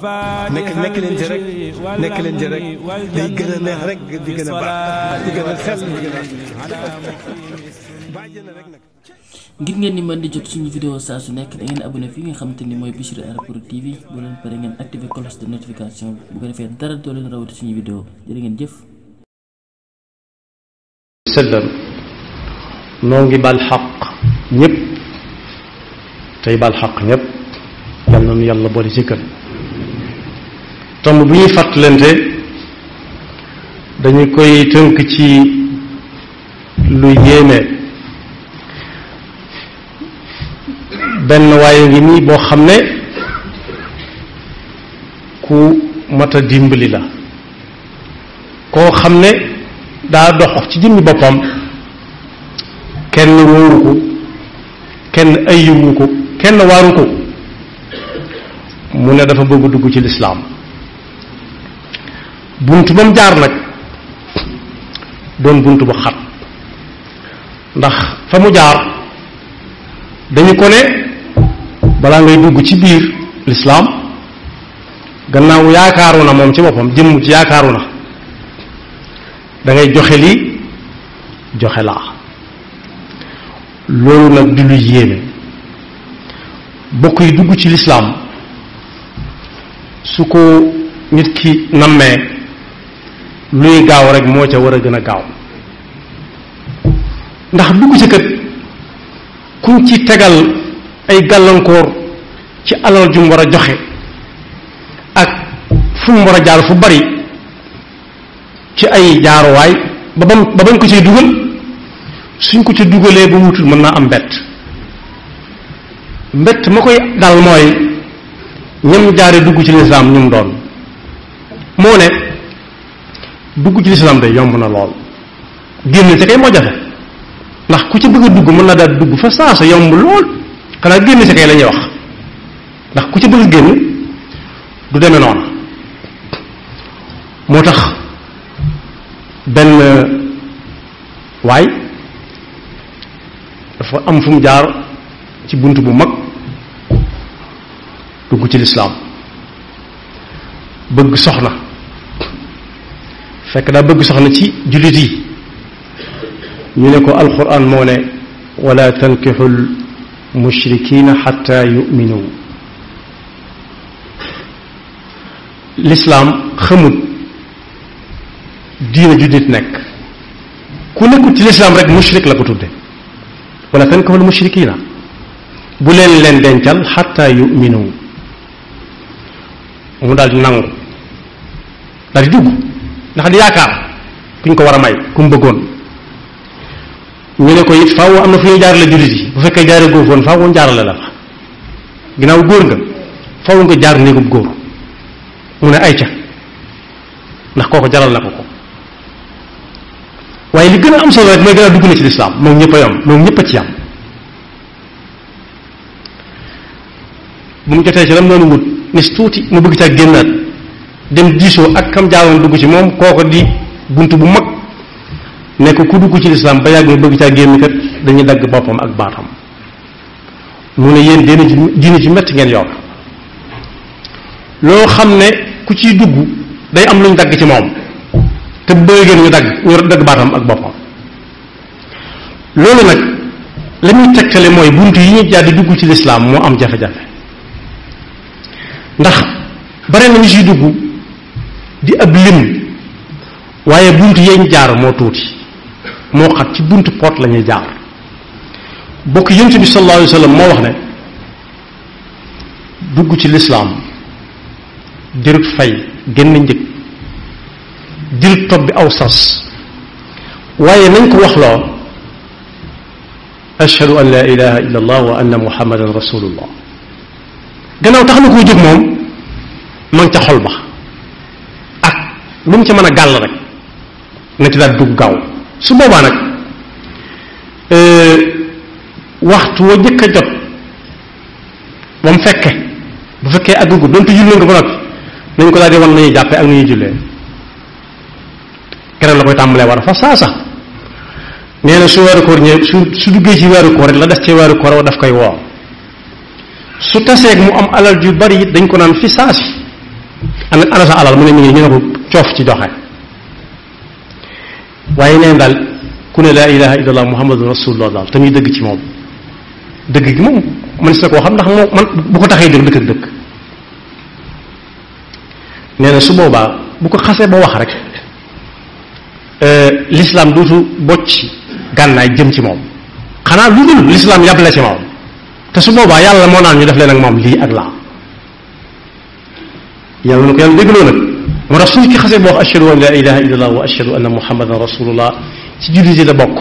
nekk nekk leen ci rek nekk leen ci rek day gën neex rek di gën baax ngir ngeen ni mën di jot suñu vidéo saa su nekk da ngeen fi nga xamante ni mooy Bichri Airport TV bu leen pare ngeen activé cloche de notification bu defee dara doo leen rawati suñu vidéo jërë ngeen jëf ngi bal xaq ñëpp tomb bu ñuy fàttalante dañu koy tënk ci lu yéeme benn waaye ngi nii boo xam ne ku mat a dimbali la koo xam ne daa dox ci jëmmi boppam kenn wóoru ko kenn ayyumu ko kenn waaru ko mu ne dafa bëgg dugg ci lislaam bunt ba mu jaar nag doon bunt bu xat ndax fa mu jaar dañu ko ne balaa ngay dugg ci biir lislaam gannaaw yaakaaru na moom ci boppam jëmm ci yaakaaru na da joxe li joxe laa loolu nag di lu yéeme bokk yi dugg ci lislaam su ko nit ki nammee luy gaaw rek moo ca war a gën a gaaw ndax dugg ci kët kuñ ci tegal ay gàllankoor ci alal ju war a joxe ak fu war a jaar fu bari ci ay jaaruwaay ba bam ba bañ ko ciy dugal suñ ko ci dugalee ba wutul mën naa am mbett mbett ma koy dal mooy ñam jaare dugg ci lislaam ñu mu doon moo ne dugg ci lislaam day yomb na lool génn ca kay moo jafe ndax ku ci bëgg dugg mën na daal dugg fa saa sa yomb lool xanaa génn ca kay la ñuy wax ndax ku ci bëgg génn du demee noonu moo tax benn waay dafa am fu mu jaar ci bunt bu mag dugg ci lislaam bëgg soxna fekk daa bëgg soxna ci jullit yi ñu ne ko alquran moo ne wala tankixul mushrikina xata yuminu lislaam xamut diina ju nit nekk ku nekkut ci lislaam rek mushrik la ko tudde wala tankixul mushrikina bu leen leen dencal xata yuminu mu daal di nangu daal di dugg ndax di yaakaar kuñ ko war a may ku mu bëggoon ñu ne ko it faaw am na fu ñuy jaarale jullit yi bu fekkee jaaree góor woon faaw jaarale la fa ginnaaw góor nga faaw nga jaar néegub góor mu ne ay ca ndax kooku jaral na ko ko waaye li gën a am solo rek mooy gën dugg na ci lislaam moom ñëpp a yam moom ñëpp ci yam bu mu jotee ci lam noonu wut nis tuuti mu bëgg caa génnaat dem diisoo ak kam jaaroon dugg ci moom kooko di bunt bu mag nekk ku dugg ci lislaam ba yàgg nga bëgg caa génn kat dañuy dagg boppam ak baatam mu ne yéen diine ji diine ji métti ngeen yor loo xam ne ku ciy dugg day am lu ñu dagg ci moom te bëri ngeen dagg ñu dagg baatam ak boppam loolu nag la muy tegtale mooy bunt yi ñu jaar dugg ci lislaam moo am jafe-jafe ndax bare na ñu siy dugg di ab lim waaye bunt yeñ jaar moo tuuti moo xat ci bunt poot lañuy jaar bokk yonent bi sallallahu alayhi moo wax ne dugg ci lislaam dirut fay génn njëg dirut topp bi aw sas waaye nañ ko waxloo ashhadu an la ilaha illa allah wa anna muhammadan rasulullah gannaaw tax na koo jóg moom ma ca xol ba lu mu ci mën a gàll rek na ci daal dugg gaaw su boobaa nag euh, waxtu wa jëkk a jot ba mu fekke bu fekkee aggugu donte jullee nga ba noppi nañ ko daal di wan nañuy jàppe ak nañuy jullee keneen la koy tàmbalee war a fa saa sax nee na su weeru koor ñëw su su duggee ci weeru koor la des ci weeru koor daf koy woo su taseeg mu am alal ju bari it dañ ko naan fi saasi ana sa alal mu ne mi ngi ñu ne ko coof ci doxe waaye neen daal ku ne laa ilaha illallah muhammadun rasulullah daal te muy dëgg ci moom dëgg gi moom man si na koo xam ndax moom man bu ko taxee dëgg dëkk ak dëkk nee su boobaa bu ko xasee ba wax rek eh, lislaam dootu bocc gànnaay jëm ci moom xanaa lu dul lislaam yàbbale ci moom te su boobaa yàlla moo naan ñu def leen ak moom lii ak laa yàlla na ko yàlla déggloo nag moo tax suñu ki xasee boo wax ashhadu an la ilaha illallah wa ashhadu anna muhammadan rasulullah ci jullit yi la bokk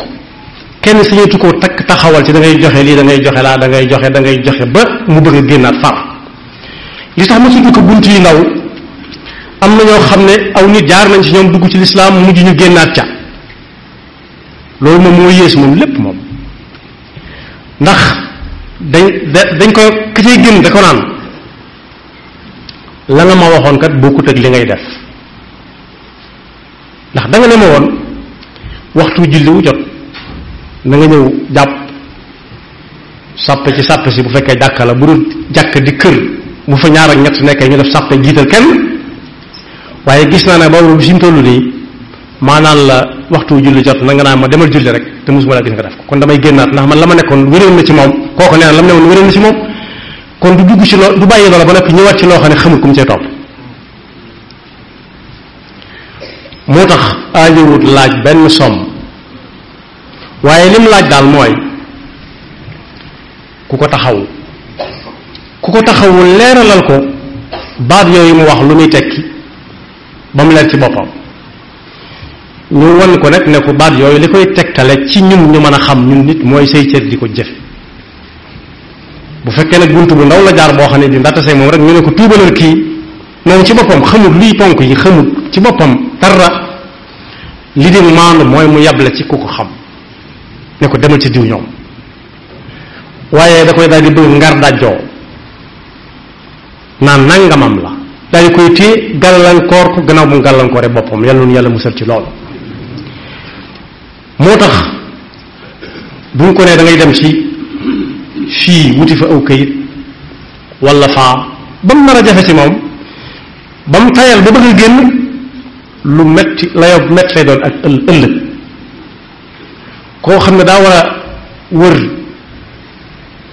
kenn sañatu ko takk taxawal ci dangay joxe lii da ngay joxe laa da joxe da ngay joxe ba mu bëgg a génnaat far li tax ma suñu ko bunt yi ndaw am na ñoo xam ne aw nit jaar nañ ci ñoom dugg ci lislaam mujj ñu génnaat ca loolu moom moo yées moom lépp moom ndax dañ dañ ko ki cay génn da ko naan la nga ma waxoon kat bokkut ak li ngay def ndax danga nga ne ma woon waxtu julli wu jot na nga ñëw jàpp sàppe ci sàppe si bu fekkee jàkka la bu dul jàkk di kër bu fa ñaar ak ñett nekk ñu def sàppe jiital kenn waaye gis naa ne boobu bi si mu toll nii maanaan la waxtu julli jot na nga naa ma demal julli rek te mosuma laa gis nga def ko kon damay génnaat ndax man la ma nekkoon wéréon na ci moom kooku nee na la ma nekkoon wéréon na ci moom kon du dugg ci loolu du bàyyi loola ba noppi ñëwaat ci loo xam ne xamul ku mu cee topp moo tax aajowut laaj benn somm waaye lim laaj daal mooy ku ko taxawu ku ko taxawu leeralal ko baat yooyu mu wax lu muy tekki ba mu leer ci boppam ñu wan ko nag ne ko baat yooyu li koy tegtale ci ñun ñu mën a xam ñu nit mooy say cër di ko jëf bu fekkee nag bunt bu ndaw la jaar boo xam ne di ndatasee moom rek ñu ne ko tuubalal kii moom ci boppam xamul luy ponk yi xamul ci boppam dara li di maandu mooy mu yable ci ku ko xam ne ko demal ci diw ñoom waaye da koy dal di bëgg ngar dajjoo naan nangamam la daal di koy téye gàllankoor ko gannaaw bu mu gàllankooree boppam yàlla nu yàlla musal ci loolu moo tax bu ñu ko nee da dem ci fii wuti fa aw kayit wala faa ba mu nar a jafe ci moom ba mu tayal ba bëgg a génn lu metti la yow metti lay doon ak ëllëg koo xam ne daa war a wër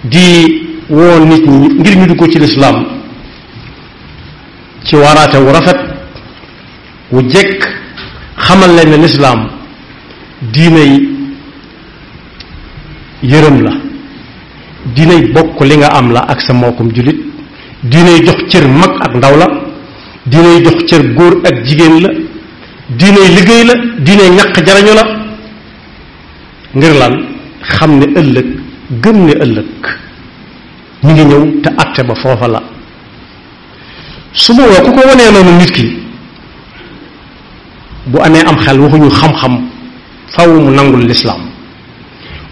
di woo nit ñi ngir ñu dugg ci lislaam ci waaraate wu rafet wu jëkk xamal leen ne lislaam diinay yërëm la diinay bokk li nga am la ak sa mbokkum jullit diinay jox cër mag ak ndaw la dinay jox cër góor ak jigéen la diinay liggéey la diinay ñaq jarañu la ngir lan xam ne ëllëg gën ne ëllëg mi ngi ñëw te atte ba foofa la su boobaa ku ko wanee noonu nit ki bu amee am xel waxuñu xam-xam faw mu nangul lislaam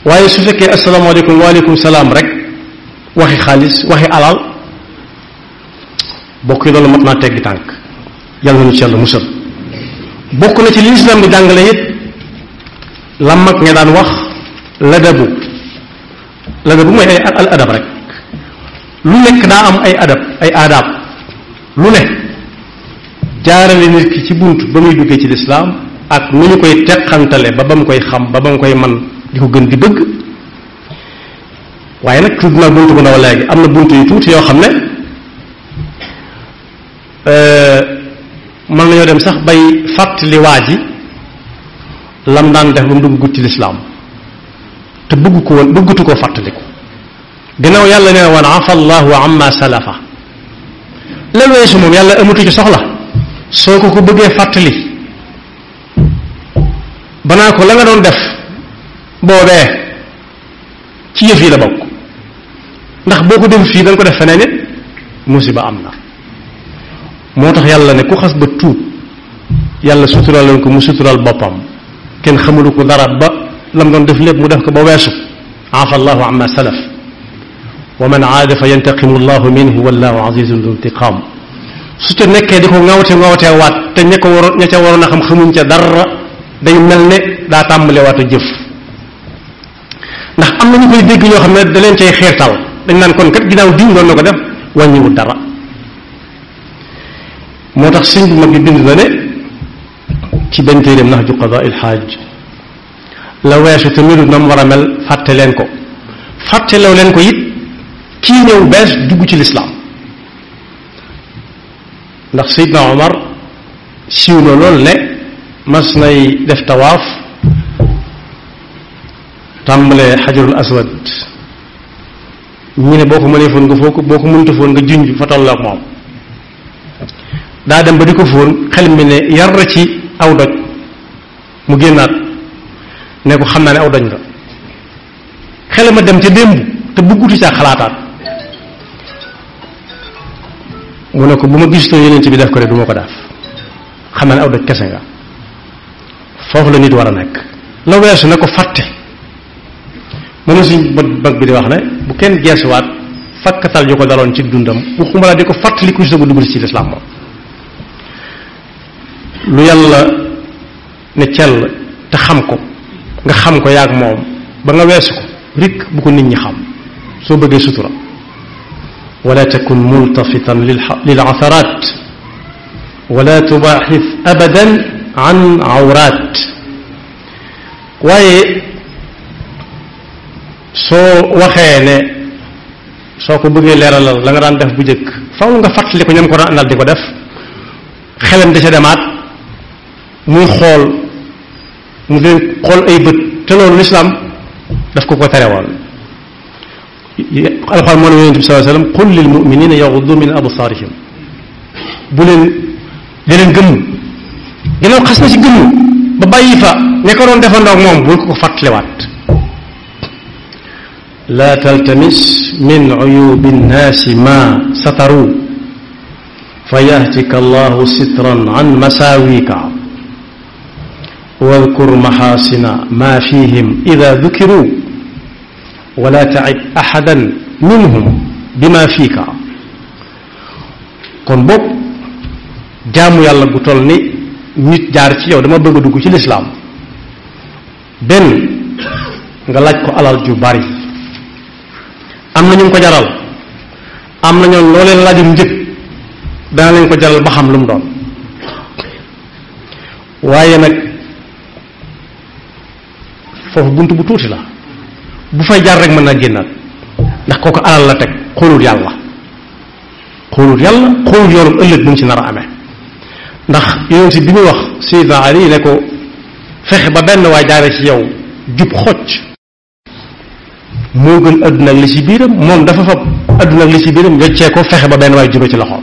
waaye su fekkee asalaamaaleykum waaleykum salaam rek waxi xaalis waxi alal bokk yi loolu mat naa teggi tànk yàlla na ñu ci yàlla musal bokk na ci li di bi jàngale it la mag nga daan wax ladabu ladabu mooy ay al adab rek lu nekk daa am ay adab ay aadaab lu ne jaarale nit ki ci bunt ba muy duggee ci lislaam ak nu ñu koy teqantale ba ba mu koy xam ba ba mu koy man di ko gën di bëgg waaye nag tudd naa bunt bu ndaw léegi am na bunt yu tuuti yoo xam ne euh, mën nañoo dem sax bay fàttali waa ji lam daan def ba mu dugg gudd lislaam te bëgg ko woon bëggatu koo fàttaliku ginnaaw yàlla nee woon afa allahu amma salafa lel weesu moom yàlla amatu ci soxla soo ko ko bëggee fàttali banaa ko la nga doon def boobee ci yëf yi la bokk ndax boo ko def fii da ko def feneen it ba am na moo tax yàlla ne ku xas ba tuut yàlla suturaal leen ko mu suturaal boppam kenn xamalu ko dara ba lam doon def lépp mu def ko ba weesu afa allahu amma salaf wa man aada fa yantaqimu allahu minhu wallahu azizun du intiqaam su ca nekkee di ko ŋawte ŋawtee waat te ña ko waroon ña ca waroon a xam xamuñ ca dara day mel ne daa tàmbale waatu jëf ndax am na ñu koy dégg ñoo xam ne da leen cay xiirtal dañ naan kon kat ginnaaw na ko def wàññiwul dara tax sëñ bu mag bi na la weesu te melul na war a mel fàtte leen ko fàttelew leen ko it kii ñëw bees dugg ci lislaam ndax Seydina Omar siiw na lool ne mas nay def tawaaf tàmbalee xajarul aswad ñu ne boo ko mënee fóon nga foo ko boo ko mënta fóon nga junj fa tolloog moom daa dem ba ko fóon xel mi ne yar ci aw mu génnaat ne ko xam naa ne aw doj la ma dem ca démb te bëggutu caa xalaataat mu ko bu ma gisutoo yeneen ci bi def ko rek du ma ko daaf ne aw doj kese nga foofu la nit war a nekk la weesu na ko fàtte moom la suñ bag bi di wax ne bu kenn geesuwaat fakkatal yu ko daloon ci dundam waxuma la di ko fàttaliku ci soog a dugg ci lislaam moom lu yàlla ne cell te xam ko nga xam ko yaag moom ba nga weesu ko rikk bu ko nit ñi xam soo bëggee sutura wala takun multafitan lil atharaat wala tubaaxis abadan an awraat waaye soo waxee ne soo ko bëggee leeralal la nga daan def bu njëkk faw nga fàttali ko ñam ko daan àndal di ko def xelam da ca demaat muy xool mu leen xool ay bët te loolu lislaam daf ko ko terewoon alxuraan moo ne yonente bi sallallahu alayhi wasallam qul lil muminina yaghuddu min absaarihim bu leen di leen gëm xas na ci gëm ba bàyyi fa ne ko doon defandoog moom bul ko ko fàttaliwaat laa taltamis min uyubi nnaasi maa sataru fa yahtika allahu sitran an masaawika wadkur maxaasina maa fihim ida dukiru wala taib axadan minhum bima fiika kon bopp jaamu yàlla gu toll ni nit jaar ci yow dama bëgg a dugg ci lislaam benn nga laaj ko alal ju bari am na ñu ko jaral am na ñoom loo leen laajum njëg dana leen ko jaral ba xam lu mu doon waaye nag foofu bunt bu tuuti la bu fay jaar rek mën na génnaat ndax kooku alal la teg xoolul yàlla xoolul yàlla xoolul yoonum ëllëg bu ci nar a ame ndax yonent bi muy wax Sayyidina ne ko fexe ba benn waay jaare ci yow jub xocc moo gën àdduna ak li ci biiram moom dafa fab àdduna ak li ci biiram weccee fexe ba benn waaye jubé ci loxoom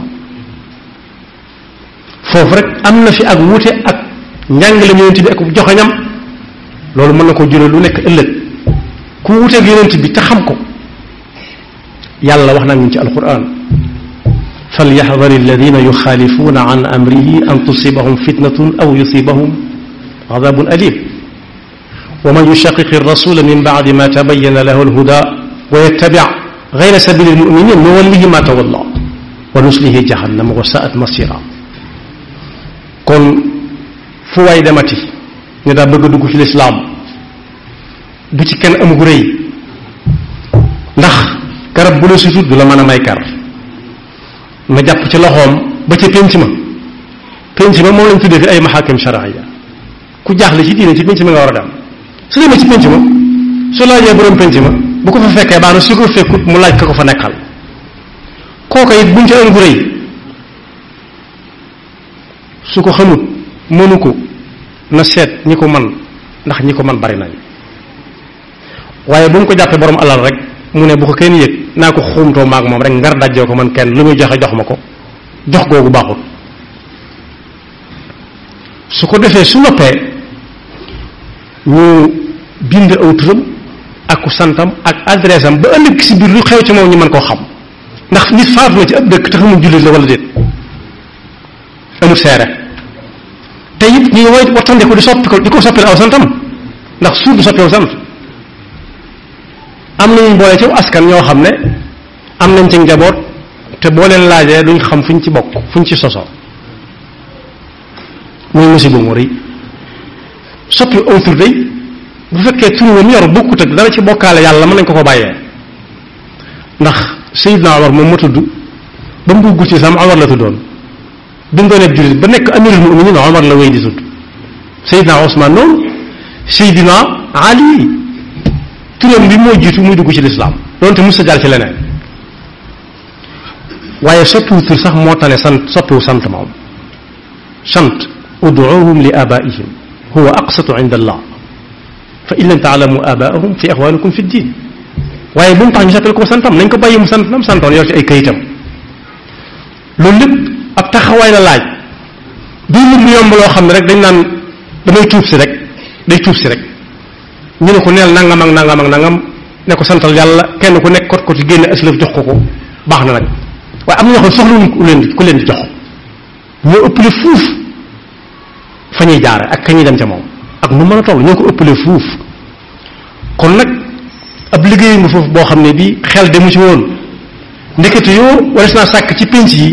foofu rek am na fi ak wuute ak njàngale yonent bi ak joxoñam loolu mën na ko jural lu nekk ëllëg ku wuuteeg yonent bi te xam ko yàlla wax na ñu ci alquran falyaxdari alladina yuxaalifuuna an amrihi an tusibahum fitnatun aw yusibahum adabun alim ومن يشقق الرسول من بعد ما تبين له الهدى ويتبع غير سبيل المؤمنين نوله ما تولى ونصله جهنم وساءت مصيرا kon fu waay demati ne daa bëgg a dugg ci lislaam du ci kenn am gu rëy ndax garab bu la sutut du la mën a may kar na jàpp ci loxoom ba ca pénc ma pénc ma moom lañ tuddee fi ay maxaakim shariya ku jaaxle ci diine ci pénc ma nga war a dem su demee ci penc ma su bu fekkee baax na mu laaj ko fa nekkal kooka it buñ ko xamut mënu ko na seet ñi ko man ndax ñi ko man bari nañ waaye bu ko jàppee borom alal rek mu ne bu kenn yëg naa ko xuumtoo maag moom rek ngar dajjoo ko man kenn lu muy joxe jox ma ko jox googu baaxut su ko defee su noppee ñu bind aw ak ku santam ak adresse ba ëllëg si biir lu xew ci moom ñu mën koo xam ndax nit faatu na ci ab dëkk te xamul jullit la wala déet amul seere te it ñu woy wattandiku di soppi ko di ko soppil aw santam ndax suuf du soppi aw sant am nañu boole askan ñoo xam ne am nañ ci njaboot te boo leen laajee duñ xam fuñ ci bokk fuñ ci sosoo muy musiba mu bu fekkee tur wa mu yor bokkut ak dara ci bokkaale yàlla mën nañ ko ko bàyyee ndax Seydina Omar moom ma tudd ba mu dugg islam Omar la tuddoon bi mu ba nekk amirul muminin Omar la wéy di tudd Seydina Ousmane noonu Seydina Ali turam bi moo jiitu muy dugg ci lislaam doonte mos a ci leneen waaye soppiwu sax moo tane sant soppiwu sant moom sant ud'uuhum abaihim huwa aqsatu inda allah fa in lam taalamu abaahum fi ixwaanukum waaye bu mu tax ñu satal ko santam nañ ko bàyyi mu sant nam santoon yor ci ay kayitam loolu lépp ab taxawaay la laaj du lu mu yomb loo xam ne rek dañ naan damay tuub si rek day tuub si rek ñu ne ko neel nangam ak nangam ak nangam ne ko santal yàlla kenn ku nekk kot ko ci génne aslëf jox ko ko baax na nag waaye am na ñoo xam soxlawuñ ku leen di ku leen jox ñoo ëppale fuuf fa ñuy jaare ak ka dem ca moom ak nu mën a toll ñoo ko ëppale fuuf kon nag ab liggéey nga foofu boo xam ne bii xel demu ci woon ndekete yoo wares naa sàkk ci pénc yi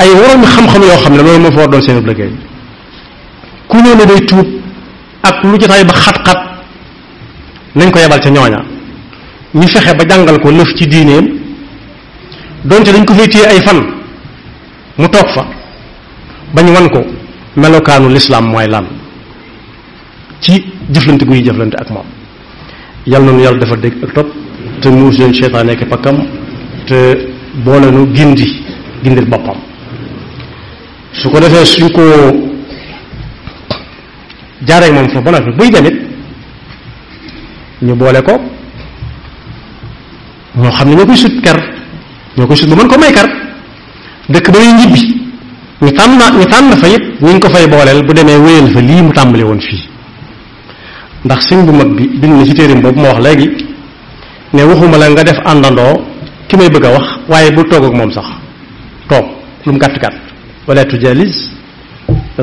ay waroon xam-xam yoo xam ne loolu moo fa war doon seen ab liggéey ku ñëw ne day tuub ak lu jotaay ba xat-xat nañ ko yebal ca ñooña ñu fexe ba jàngal ko lëf ci diineem donte dañ ko fay téye ay fan mu toog fa bañ wan ko melokaanu lislaam mooy lan ci jëflante guy jëflante ak moom yàlla na nu yàlla dafa dégg ak topp te muus ñu seytaane ak pakkam te boole nu gindi gindil boppam su ko defee suñ ko jaaree moom fa ba noppi buy demit ñu boole ko ñoo xam ne ñoo koy sut kar ñoo koy sut ba mën ko may kar dëkk ba muy ñibbi ñu tànn ñu tànn fa it ñu ko fay booleel bu demee wéyal fa lii mu tàmbali woon fii ndax sëñ bu mag bi bind na ci téerim boobu ma wax léegi ne waxuma la nga def àndandoo ki may bëgg a wax waaye bu toog ak moom sax toog lu mu gàtt gàtt wala tujalis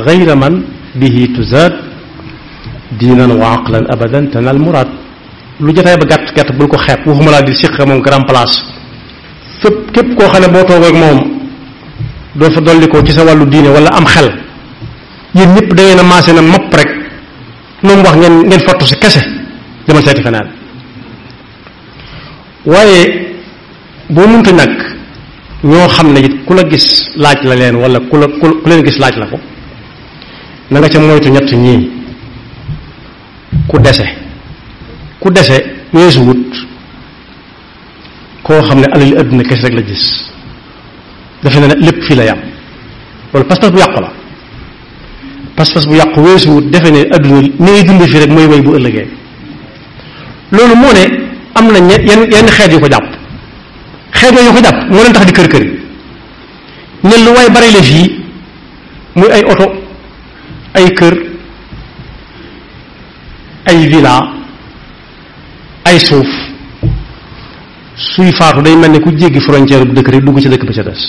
gayra man bihi tuzaad diinan wa aqlan abadan tanal muraad lu jotaay ba gàtt gàtt bul ko xeeb waxuma laa di siqa moom grand place fépp képp koo xam ne boo toog ak moom doo fa dolli ci sa wàllu diine wala am xel yéen ñëpp da ngeen a maase na mopp rek lu mu wax ngeen ngeen fottu si kese demal seeti feneen waaye boo mënta ñàkk ñoo xam ne it ku la gis laaj la leen wala ku la ku leen gis laaj la ko na nga ca moytu ñett ñii ku dese ku dese weesu wut koo xam ne yi àdduna kese rek la gis defe na ne lépp fii la yam loolu pas-pas bu yàqu la pas-pas bu yàqu weesuwut defe ne adduna ni ngay dund fi rek mooy way bu ëllëgee loolu moo ne am na yenn yenn xeet yu ko jàpp xeet yooyu ko jàpp moo leen tax di kër kër yi ne lu waay bari la fii muy ay oto ay kër ay villa ay suuf suy faatu day mel ne ku jéggi frontière bu dëkk rek dugg ci dëkk ba ca des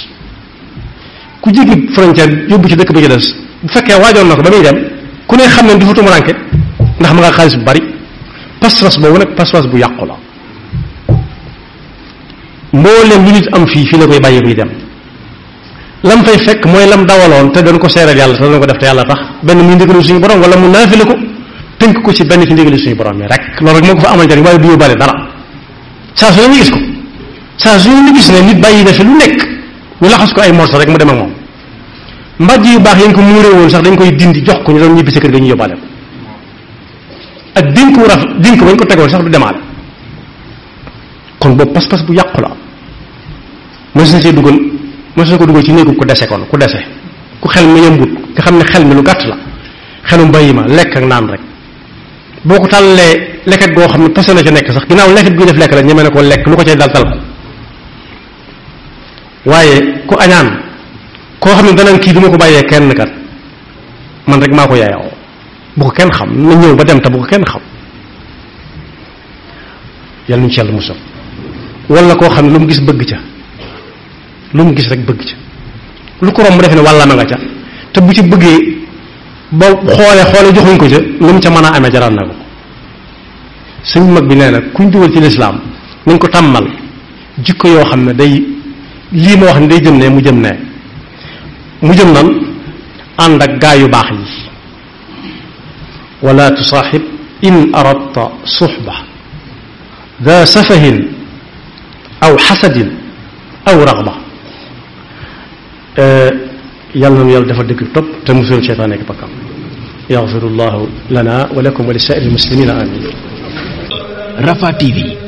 ku jéggi frontière yóbbu ci dëkk ba ca des bu fekkee waajoon na ko ba muy dem ku ne xam ne du fa tumuranke ndax ma nga xaalis bu bari pas-pas boobu nag pas-pas bu yàqu la mu lu nit am fii fii la koy bàyyi buy dem lam fay fekk mooy lam dawaloon te doon ko seeral yàlla te doon ko def te yàlla tax benn muy ndigalu suñu borom wala mu naafile ko tënk ko ci benn ci ndigalu suñu borom mi rek loolu rek moo ko fa amal njariñ waaye du yóbbaale dara saa su ne ñu gis ko saa su ne ñu gis fi lu nekk ñu laxas ko ay morso rek mu dem ak mbàjj yu baax yañ ko muuree woon sax dañ koy dindi jox ko ñu doon ñibbi sa kër ga ñu yóbbaale ko ak dénk wu raf dénk bañ ko tegoon sax du demaale kon boobu pas bu yàqu la mos na see dugal mos na ko dugal ci néegu ku dese kon ku dese ku xel mi yëmbut nga xam ne xel mi lu gàtt la xelum bàyyi ma lekk ak rek boo ko tàllee lekkat goo xam ne posé na ca nekk sax ginnaaw lekkat bi def lekk la ñeme na ko lekk lu ko cay dal ko waaye ku añaan koo xam ne danaan kii du ma ko bàyyee kenn kat man rek maa ko yaayoo bu ko kenn xam na ñëw ba dem te bu ko kenn xam yàlla ñu ci yàlla musal wala koo xam ne lu mu gis bëgg ca lu mu gis rek bëgg ca lu ko romb defe ne wàlla ma nga ca te bu ci bëggee ba xoole xoole joxuñ ko ca lu mu ca mën a amee jaral na ko mag bi nee na kuñ dugal ci lislaam nañ ko tàmmal jikko yoo xam ne day lii ma wax ne day jëm ne mu jëm ne mu jëm nan ànd ak gaa yu baax yi wala tusaaxib in aradta suxba da safahin aw xasadin aw raxba yàlla nañu yàlla dafa dëgg topp te musul seytaane ak bakkam yaxfirullahu lana wa lakum wa li saa'iri muslimina amin Rafah TV